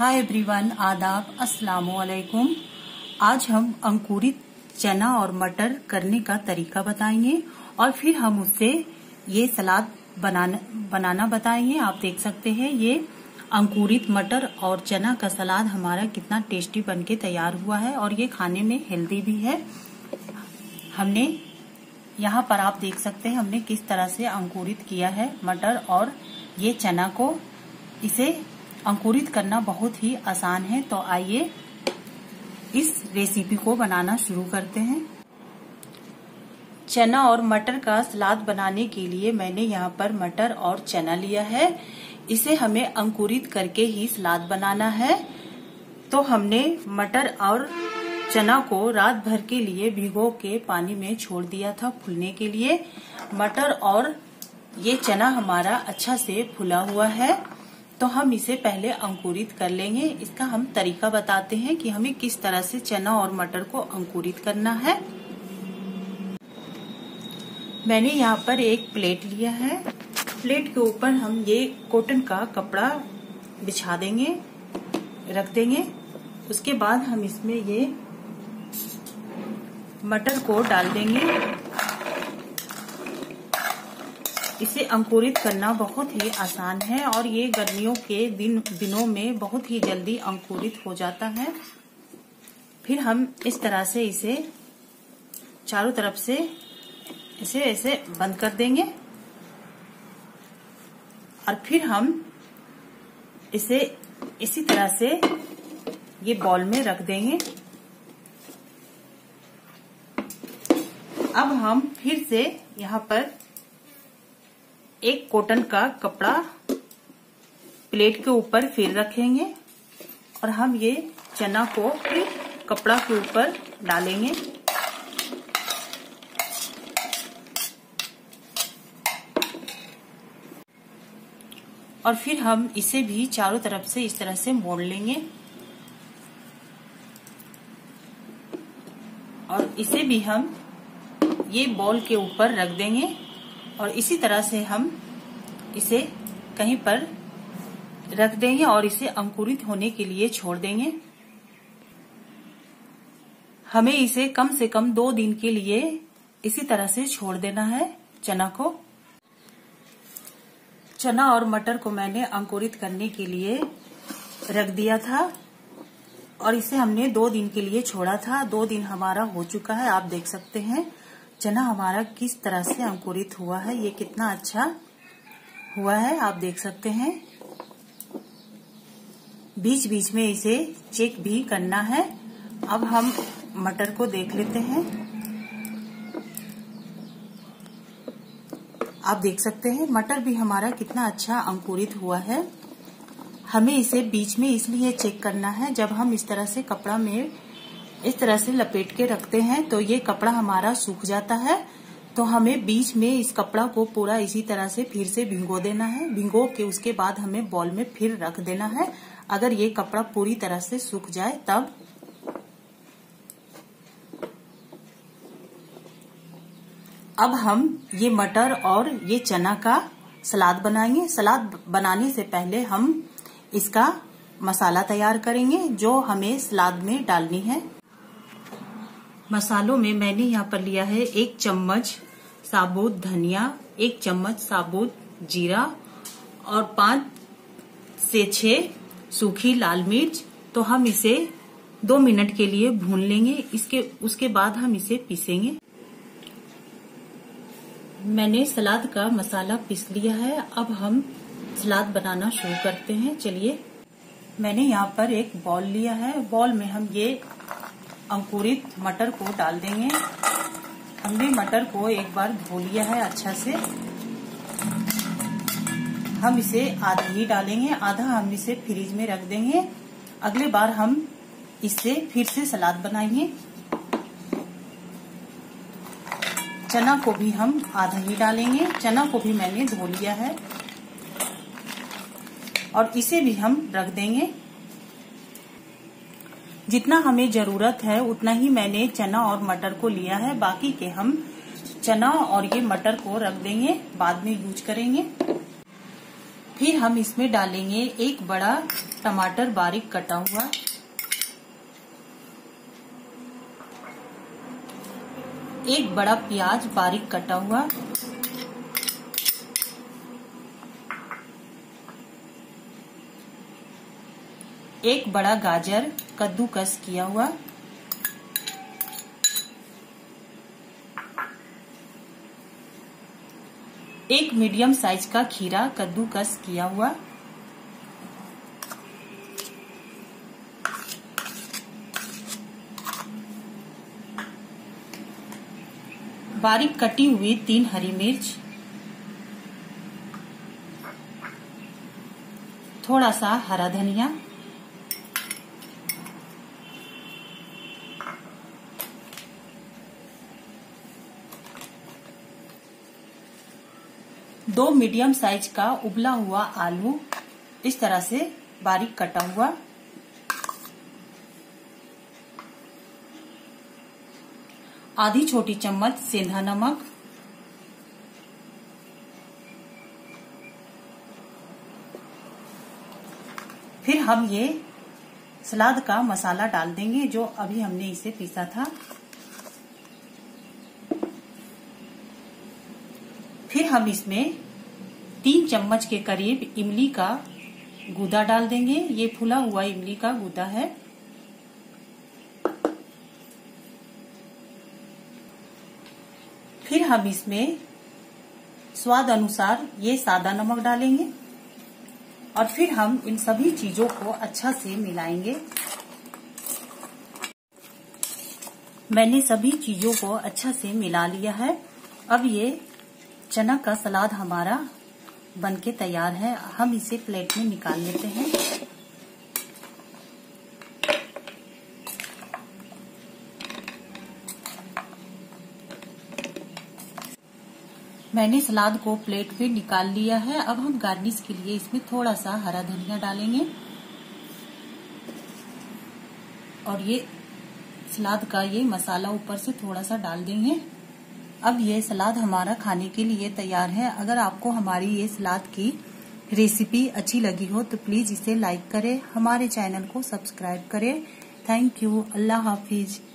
हाय everyone आदाब अस्सलाम वालेकुम आज हम अंकुरित चना और मटर करने का तरीका बताएंगे और फिर हम उससे ये सलाद बनाना बनाना बताएंगे आप देख सकते हैं ये अंकुरित मटर और चना का सलाद हमारा कितना टेस्टी बनके तैयार हुआ है और ये खाने में हेल्दी भी है हमने यहाँ पर आप देख सकते हैं हमने किस तरह से अंकुरित किया है मटर और ये चना को इसे अंकुरित करना बहुत ही आसान है तो आइए इस रेसिपी को बनाना शुरू करते हैं चना और मटर का सलाद बनाने के लिए मैंने यहाँ पर मटर और चना लिया है इसे हमें अंकुरित करके ही सलाद बनाना है तो हमने मटर और चना को रात भर के लिए भिगो के पानी में छोड़ दिया था फूलने के लिए मटर और ये चना हमारा अच्छा से फूला हुआ है तो हम इसे पहले अंकुरित कर लेंगे इसका हम तरीका बताते हैं कि हमें किस तरह से चना और मटर को अंकुरित करना है मैंने यहाँ पर एक प्लेट लिया है प्लेट के ऊपर हम ये कॉटन का कपड़ा बिछा देंगे रख देंगे उसके बाद हम इसमें ये मटर को डाल देंगे इसे अंकुरित करना बहुत ही आसान है और ये गर्मियों के दिन दिनों में बहुत ही जल्दी अंकुरित हो जाता है फिर हम इस तरह से इसे चारों तरफ से इसे ऐसे बंद कर देंगे और फिर हम इसे इसी तरह से ये बॉल में रख देंगे अब हम फिर से यहाँ पर एक कॉटन का कपड़ा प्लेट के ऊपर फिर रखेंगे और हम ये चना को फिर कपड़ा के ऊपर डालेंगे और फिर हम इसे भी चारों तरफ से इस तरह से मोड़ लेंगे और इसे भी हम ये बॉल के ऊपर रख देंगे और इसी तरह से हम इसे कहीं पर रख देंगे और इसे अंकुरित होने के लिए छोड़ देंगे हमें इसे कम से कम दो दिन के लिए इसी तरह से छोड़ देना है चना को चना और मटर को मैंने अंकुरित करने के लिए रख दिया था और इसे हमने दो दिन के लिए छोड़ा था दो दिन हमारा हो चुका है आप देख सकते हैं चना हमारा किस तरह से अंकुरित हुआ है ये कितना अच्छा हुआ है आप देख सकते हैं बीच बीच में इसे चेक भी करना है अब हम मटर को देख लेते हैं आप देख सकते हैं मटर भी हमारा कितना अच्छा अंकुरित हुआ है हमें इसे बीच में इसलिए चेक करना है जब हम इस तरह से कपड़ा में इस तरह से लपेट के रखते हैं तो ये कपड़ा हमारा सूख जाता है तो हमें बीच में इस कपड़ा को पूरा इसी तरह से फिर से भिंगो देना है भिंगो के उसके बाद हमें बॉल में फिर रख देना है अगर ये कपड़ा पूरी तरह से सूख जाए तब अब हम ये मटर और ये चना का सलाद बनाएंगे सलाद बनाने से पहले हम इसका मसाला तैयार करेंगे जो हमें सलाद में डालनी है मसालों में मैंने यहाँ पर लिया है एक चम्मच साबुत धनिया एक चम्मच साबुत जीरा और पांच से छह सूखी लाल मिर्च तो हम इसे दो मिनट के लिए भून लेंगे इसके उसके बाद हम इसे पीसेंगे मैंने सलाद का मसाला पीस लिया है अब हम सलाद बनाना शुरू करते हैं चलिए मैंने यहाँ पर एक बॉल लिया है बॉल में हम ये अंकुरित मटर को डाल देंगे हमने मटर को एक बार धो लिया है अच्छा से हम इसे आधा ही डालेंगे आधा हम इसे फ्रिज में रख देंगे अगले बार हम इससे फिर से सलाद बनाएंगे चना को भी हम आधा ही डालेंगे चना को भी मैंने धो लिया है और इसे भी हम रख देंगे जितना हमें जरूरत है उतना ही मैंने चना और मटर को लिया है बाकी के हम चना और ये मटर को रख देंगे बाद में यूज करेंगे फिर हम इसमें डालेंगे एक बड़ा टमाटर बारीक कटा हुआ एक बड़ा प्याज बारीक कटा हुआ एक बड़ा गाजर कद्दूकस किया हुआ एक मीडियम साइज का खीरा कद्दूकस किया हुआ बारीक कटी हुई तीन हरी मिर्च थोड़ा सा हरा धनिया दो मीडियम साइज का उबला हुआ आलू इस तरह से बारीक कटा हुआ आधी छोटी चम्मच सेंधा नमक फिर हम ये सलाद का मसाला डाल देंगे जो अभी हमने इसे पीसा था फिर हम इसमें तीन चम्मच के करीब इमली का गुदा डाल देंगे ये फुला हुआ इमली का गुदा है फिर हम इसमें स्वाद अनुसार ये सादा नमक डालेंगे और फिर हम इन सभी चीजों को अच्छा से मिलाएंगे मैंने सभी चीजों को अच्छा से मिला लिया है अब ये चना का सलाद हमारा बनके तैयार है हम इसे प्लेट में निकाल लेते हैं मैंने सलाद को प्लेट में निकाल लिया है अब हम गार्निश के लिए इसमें थोड़ा सा हरा धनिया डालेंगे और ये सलाद का ये मसाला ऊपर से थोड़ा सा डाल देंगे अब ये सलाद हमारा खाने के लिए तैयार है अगर आपको हमारी ये सलाद की रेसिपी अच्छी लगी हो तो प्लीज इसे लाइक करें हमारे चैनल को सब्सक्राइब करें थैंक यू अल्लाह हाफिज़